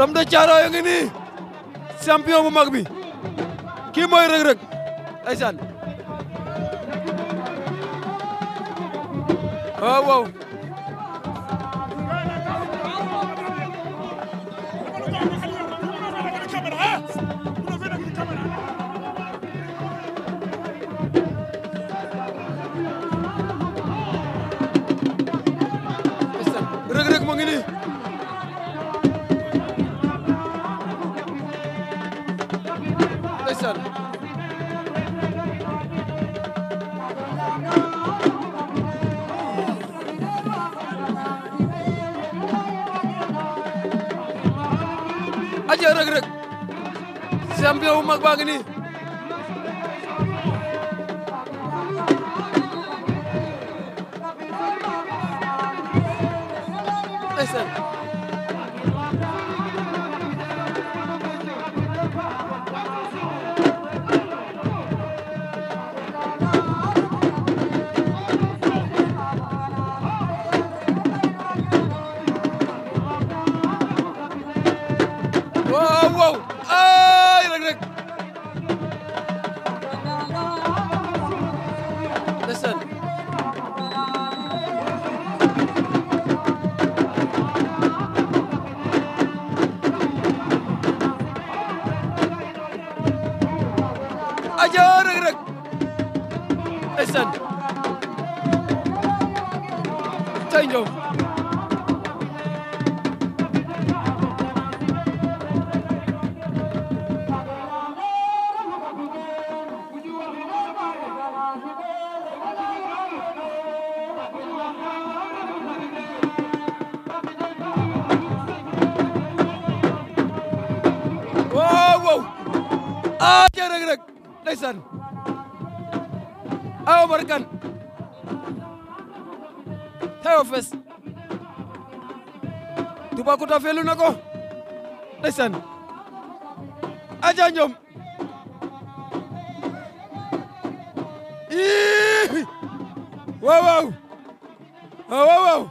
Dame de Thiaroye ngi nii champion bu mag bi kii mooy Reug Reug ndeysaan waaw ndeysaan aja rëg rëg Siapa yang umak bang ini? Listen. Eh, waaw waaw ay rek rek ndeysaan aja rek rek ndeysaan ah jë rek rek ndeysaan aw barkan xew fes Toubacouta felu na ko ndeysaan aja ñoom ii waaw waaw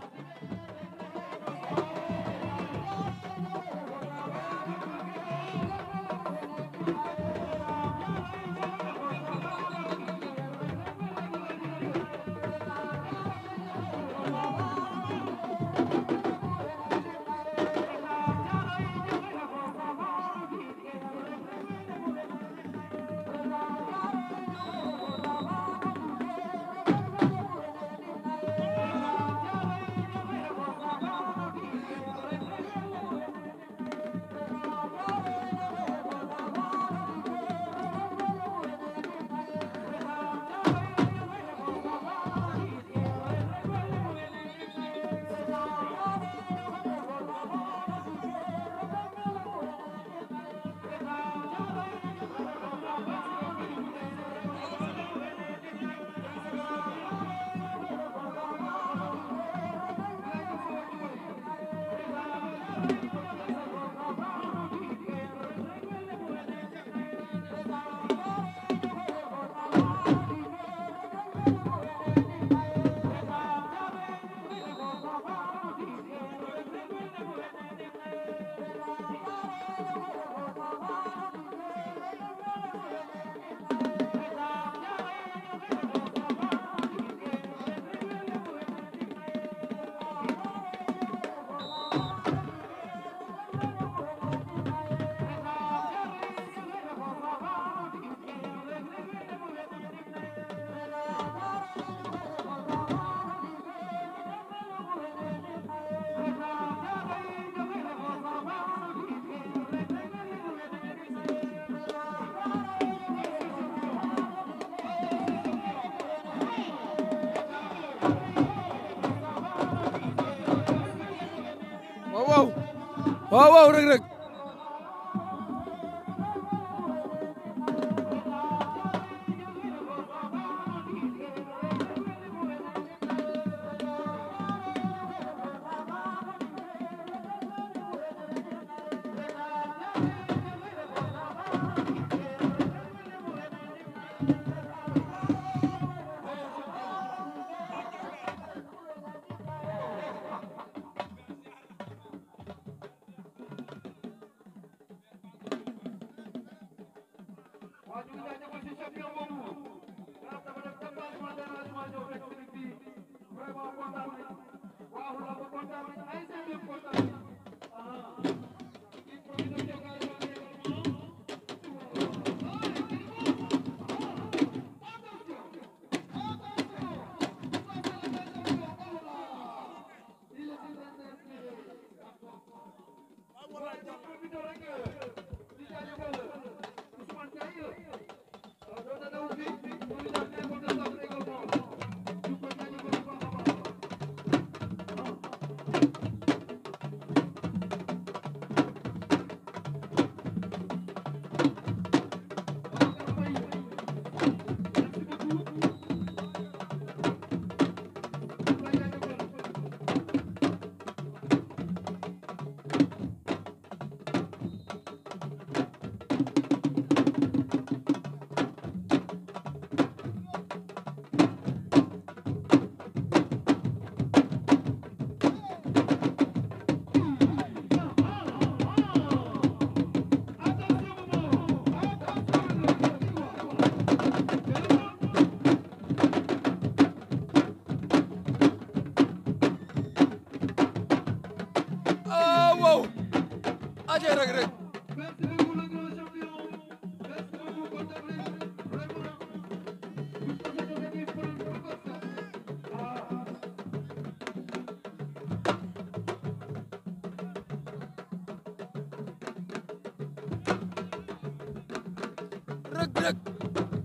waaw waaw rëg rëg Ajuda jago si champion boobu grâce à votre engagement d'engagement ñëw rek sëriñ bi vraiment kontaan nañ waaw la ba kontaan nañ ay seen yëpp kontaan nañ rek rek rek rek